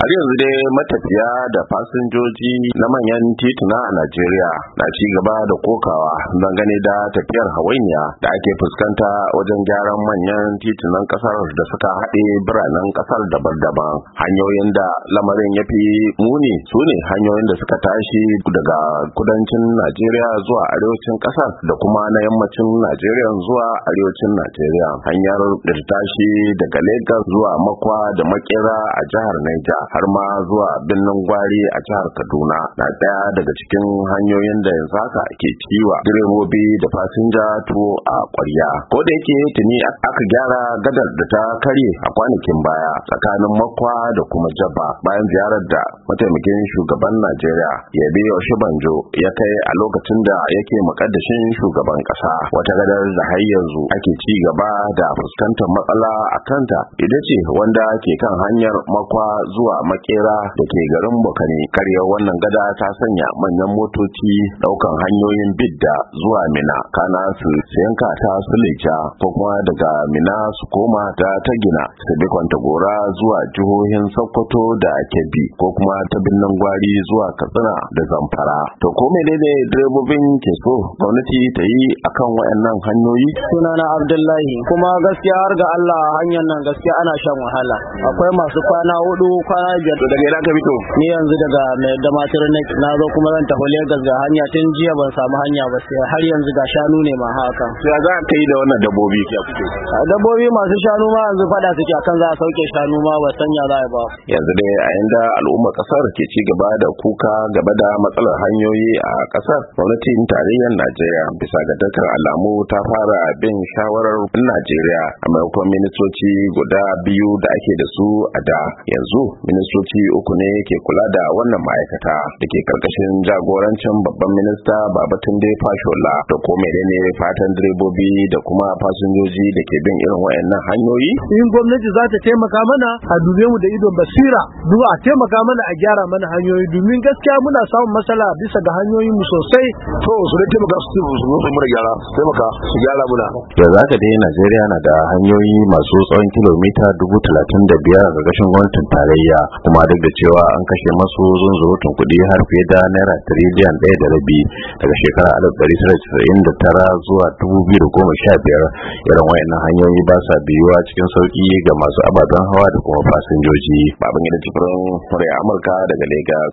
har yanzu dai matafiya da fasinjoji na manyan tituna a najeriya na ci gaba da kokawa dangane da tafiyar hawainiya da ake fuskanta wajen gyaran manyan titunan kasar da suka haɗe biranen kasar daban-daban hanyoyin da lamarin ya fi muni su ne hanyoyin da suka tashi daga kudancin najeriya zuwa arewacin kasar da kuma na yammacin najeriya zuwa arewacin najeriya hanyar da tashi daga lagos zuwa makwa da makera a jihar niger har ma zuwa birnin gwari a jihar kaduna na ɗaya daga cikin hanyoyin da yanzu haka ke ciwa direbobi da fasinja tuwo a ƙwarya ko da yake tuni aka gyara gadar da ta karye a kwanakin baya tsakanin makwa da kuma jaba bayan ziyarar da mataimakin shugaban najeriya ya biyo banjo ya kai a lokacin da yake makaddashin shugaban ƙasa wata gadar da har yanzu ake ci gaba da fuskantar matsala a kanta ita ce wanda ke kan hanyar makwa zuwa makera da ke garin bakani karyar wannan gada ta sanya manyan motoci daukan hanyoyin bidda zuwa Mina kana su yanka ta Suleja ko kuma daga Mina su koma ta ta gina su bi gora zuwa jihohin Sokoto da Kebbi ko kuma ta binnan gwari zuwa Katsina da Zamfara to ko menene direbobin ke so gwamnati ta yi akan wayannan hanyoyi sunana Abdullahi kuma gaskiya har ga Allah hanyar nan gaskiya ana shan wahala akwai masu kwana hudu kwana Niger. To daga ina ka fito? Ni yanzu daga mai damatar na zo kuma zan tafi Lagos ga hanya tun jiya ban samu hanya ba sai har yanzu ga shanu ne ma haka. Ya za ka yi da wannan dabbobi ke fito? Dabbobi masu shanu ma yanzu fada suke akan za a sauke shanu ma ba sanya za a ba. Yanzu dai a inda al'umma kasar ke ci gaba da kuka gaba da matsalar hanyoyi a kasar gwamnatin tarayyar Najeriya bisa ga dakar alamu ta fara bin shawarar Najeriya a maimakon ministoci guda biyu da ake da su a da yanzu ministoci uku ne ke kula da wannan ma'aikata da ke karkashin jagorancin babban minista Babatunde Fashola da ko menene fatan direbobi da kuma fasinjoji da ke bin irin wayannan hanyoyi? In gwamnati za ta taimaka mana a dube mu da idon basira, duba a taimaka mana a gyara mana hanyoyi domin gaskiya muna samun matsala bisa ga hanyoyin mu sosai. To su ne taimaka su su mura gyara, su taimaka su gyara muna. Da za ka dai Najeriya na da hanyoyi masu tsawon kilomita dubu talatin da biyar a gashin gwamnatin tarayya kuma duk da cewa an kashe masu zunzurutun kuɗi har fiye da naira tiriliyan ɗaya da rabi daga shekara alif ɗari da tara zuwa dubu biyu da goma sha biyar irin wayannan hanyoyi ba sa biyuwa cikin sauƙi ga masu ababen hawa da kuma fasinjoji babin gidan cifirin murai amurka daga lagos